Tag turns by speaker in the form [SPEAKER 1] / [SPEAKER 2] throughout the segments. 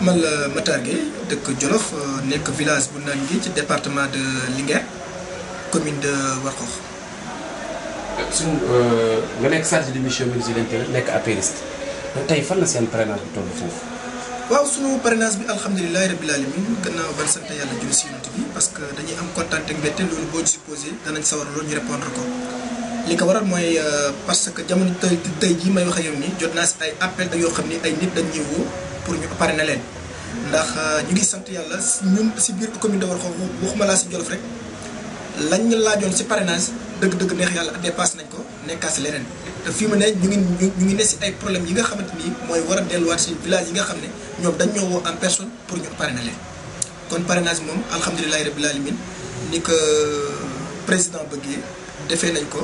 [SPEAKER 1] man la Matar Gueye dëkk Jolof euh, nekk village bu naan gi ci département de Linguère commune de Warxoox suñ euh, nga nekk chargé de mission ministre de l'Intérieur nekk apériste tey fan la seen parrainage bi toll foofu waaw suñu parrainage bi alhamdulilahi rabbil alamin gannaaw ban sant yàlla jul si bi parce que dañuy am kontaan ak mbette loolu boo supposé danañ sawar loolu ñu répondre ko li ko waral mooy euh, parce que jamono tey tey jii may wax ak yow nii jot naa si ay appel yoo xam ni ay nit dañ ñuy woo pour ñu pare na leen. ndax euh, ñu ngi sant yàlla ñun si biir commune de Warxoox waxuma laa si Jolof rek lañ ñu laajoon si parrainage dëgg-dëgg neex yàlla dépassé nañ ko nekkaat si leneen. te fii mu ne ñu ngi ñu ngi ne si ay problème yi nga xamante ni mooy war a delluwaat si village yi nga xam ne ñoom dañ ñoo woo en personne pour ñu pare na leen. kon parrainage moom alhamdulilahi rabbil alamin ni ko euh, président bëggee defee nañ ko.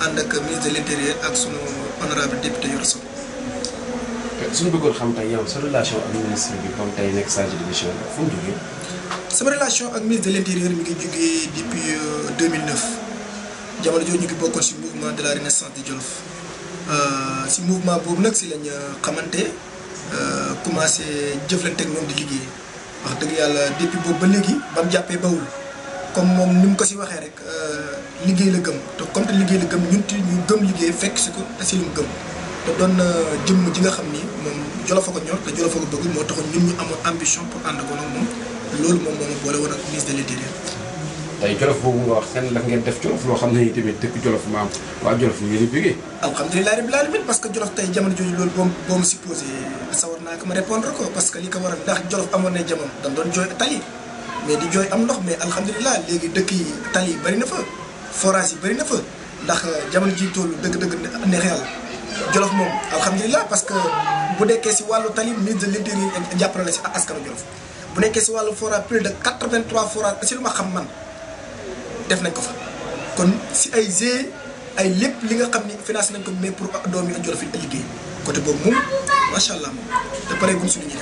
[SPEAKER 1] ànd ak ministre de l' intérieur ak sunu honorable député Yoro Sow. suñu bëggoon xam tey yow sa relation ak ministre bi comme tey de mission fu sama relation ak ministre de l' intérieur mi ngi jógee depuis 2009 euh, jamono jooju ñu ngi bokkoon si mouvement de la renaissance di Jolof si euh, mouvement boobu nag si lañ euh, xamante commencé jëflante ak di liggéey wax dëgg yàlla depuis boobu ba léegi ba mu jàppee bawul. comme moom ni mu ko si waxee rek euh, liggéey la gëm te comme te liggéey la gëm ñun ti ñu gëm liggéey fekk si ko te si lu gëm te doon na ji nga xam ni moom Jolof a ko ñor te Jolof a ko bëgg moo taxoon ñun ñu amoon pour ànd ko nag moom loolu moom moo ma boole Jolof boobu nga wax seen la loo xam ne tamit dëkk Jolof maam waa Jolof parce que Jolof tey jamono jooju loolu boom boo mu supposé sawar naa ko ma répondre ko parce que li ko waral ndax Jolof amoon na jamono dañ doon jooy tali mais di jooy am ndox mais alhamdulilah léegi dëkk yi tali yi bëri na fa forage yi bëri na fa ndax euh, jamono ji toll dëgg-dëgg neex yàlla jolof moom alhamdulilah parce que bu nekkee si wàllu tali ministre de l'intérieur yi jàppale la si askanu jolof bu nekkee si wàllu forage plus de 83 forage si lu ma xam man def nañ ko fa kon si ay g ay lépp li nga xam ni financé nañ ko mais pour doom yi ak jolof yi liggéey côté boobu moom macha allah moom te pare guñ suñu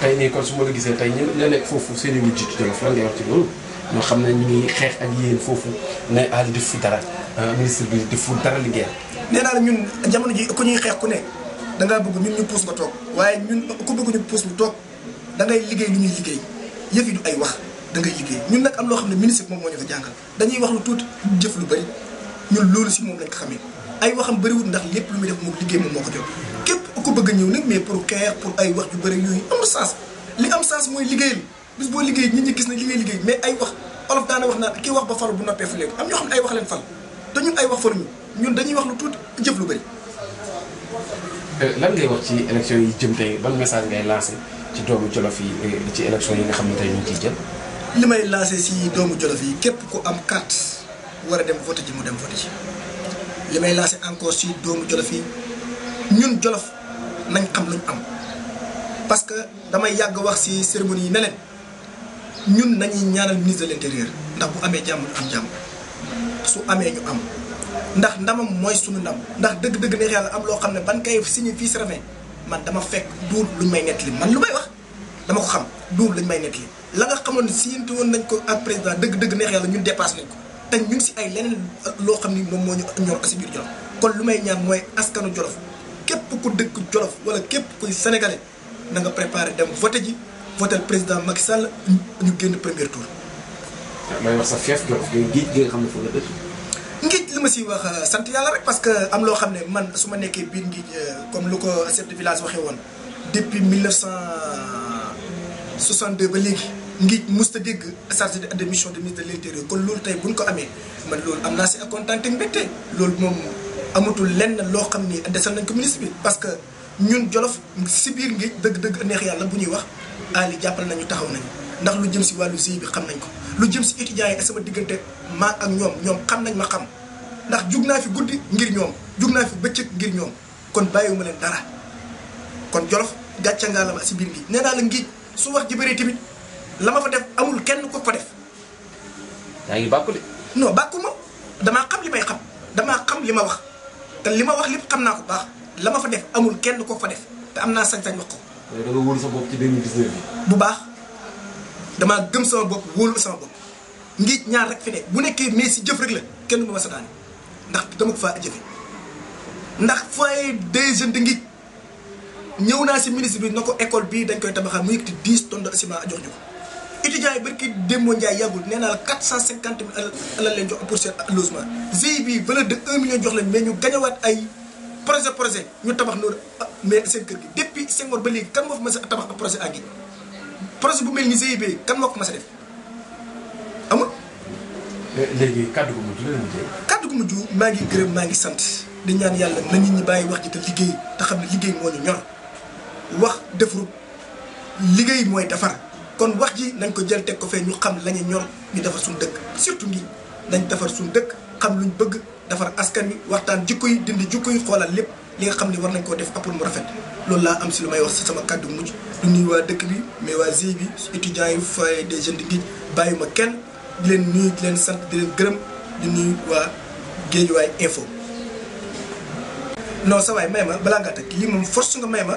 [SPEAKER 1] tey nii kon su ma la gisee tey ñu ña nekk foofu seen i jiitu Jolof xam ne ñu foofu ne aal ah def fi dara ah ministre bi def fu dara liggéey. nee naa la ñun jamono ji ko ñuy xeex ku ne da ngaa bëgg ñun ñu puus nga toog waaye ñun ku bëgg ñu puus mu toog da ngay liggéey lu ñuy liggéey yëf yi du ay wax da ngay liggéey ñun nag am loo xam ne ministre moom moo ñu ko jàngal dañuy wax lu tuuti jëf lu bëri ñun loolu si moom lañ ko xamee ay waxam bëriwul ndax lépp lu muy def liggéey moom moo ko jox ku bëgg a nag mais pour xeex pour ay wax yu bëri yooyu am sens li am sens mooy liggéeyal bis boo liggéey nit ñi gis na li ngay liggéey mais ay wax olof daana wax naan kii wax ba falu bu noppee fu léegi am ñoo xam ne ay wax leen fal dañu ay wax faluñu ñun dañuy wax lu tuuti jëf lu bëri. Euh, lan ngay wax ci élection yi jëm tey ban message ngay lancé ci doomu jolof yi euh, ci élection yi nga xam ne tey ñu ngi ciy jël. li may lancé si doomu jolof yi képp ku am carte war a dem voté ji mu dem voté ji li may encore si doomu jolof yi ñun jolof. nañ xam nañ am parce que damay yàgg wax ci cérémonie yi ne ñun nañuy ñaanal ministre de l'intérieur ndax bu amee jàmm ñu am jàmm su amee ñu am ndax ndamam mooy sunu ndam ndax dëgg-dëgg neex yàlla am loo xam ne ban kay signé fii si man dama fekk duul luñ may nettali man lu may wax dama xam duul lañ may nettali la xamoon ne siyante woon nañ ko ak président dëgg-dëgg neex yàlla ñun dépassé nañ ko te ñu si ay leneen loo xam ni moom moo ñu ñor ko si biir Jolof kon lu may ñaan mooy askanu Jolof képp ku dëkk Jolof wala képp kuy sénégalais na nga préparé dem voté ji voter président Macky Sall ñu génn premier tour. may wax sa fief Jolof ngay géej gi nga xam ne foofu la dëkk. ngiej li ma si wax euh, sant yàlla rek parce que am loo xam ne man su ma nekkee biir ngiej euh, comme lu ko chef de village waxee woon depuis 1962 ba léegi ngiej musta ta dégg chargé de mission de ministre de l'intérieur kon loolu tey buñ ko amee man loolu am naa si ak kontaan te mbégte loolu moom amatul lenn loo xam ni desal nañ ko ministre bi parce que ñun jolof si biir ngi dëgg-dëgg neex yàlla bu ñuy wax Ali jàppal nañu taxaw nañ ndax lu jëm si wàllu GIE bi xam nañ ko lu jëm si étudiants yi sama diggante maa ak ñoom ñoom xam nañ ma xam ndax jug naa fi guddi ngir ñoom jug naa fi bëccëg ngir ñoom kon bàyyiwuma leen dara kon jolof gàcca ngaa la si biir ngi nee naa la ngi su wax ji bëree tamit la ma fa def amul kenn ko ko def yaa ngi bàkku de damaa xam li may xam damaa xam li ma wax te li ma wax lépp xam naa ko baax la ma fa def amul kenn ko fa def te am naa sañ-sañ wax ko. mais da nga wóolu sa bu baax damaa gëm sama bopp wóolu sama bopp ngi ñaar rek fi ne bu nekkee mais si jëf rek la kenn du ma sa daane ndax dama ko fa jëfe ndax foyer des jeunes de ngi ñëw naa si ministre bi na ko école bii dañ koy tabaxal mu yëkkati 10 tonnes de ciment jox ñu ko. étudiants yi barki Demba Ndiaye yàggul nee naa la quatre cent cinquante mille alal leen jox pour seen logement GIE bi valeur de un million jox leen mais ñu gañawaat ay projet projet ñu tabax a ah, mais seen kër gi depuis Senghor ba léegi kan moo fi mas a tabax ak projet àggi projet bu mel ni GIE bi kan moo ko mas a def amul. léegi kàddu mujj maa ngi gërëm maa ngi sant di ñaan yàlla na nit ñi bàyyi wax ji te liggéey te xam ne liggéey moo ñu ñor wax defarul liggéey mooy defar. kon wax ji nañ ko jël teg ko fee ñu xam lañu ñor ñu defar suñu dëkk surtout nii nañ defar suñu dëkk xam luñ bëgg defar askan wi waxtaan jikko yi dindi jikko yi xoolal lépp li nga xam ne war nañ koo def apport mu rafet loolu laa am si lu may wax si sama kàddu mujj du nuyu waa dëkk bi mais waa GIE bi étudiants yi foyer des jeunes di ngi bàyyiwuma kenn leen nuyu di leen sant di gërëm di nuyu waa Guédiawaye info non sa may ma balaa nga teg lii moom force nga may ma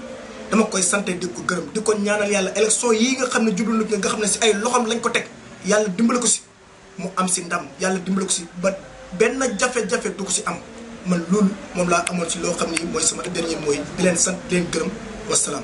[SPEAKER 1] dama koy sante di ko gërëm di ko ñaanal yàlla élection yi nga xam ne jublu na nga xam ne si ay loxoom lañ ko teg yàlla dimbale ko si mu am si ndam yàlla dimbale ko si ba benn jafe-jafe du ko si am man loolu moom laa amoon si loo xam ne mooy sama dernier mooy di leen sant di leen gërëm wasalaam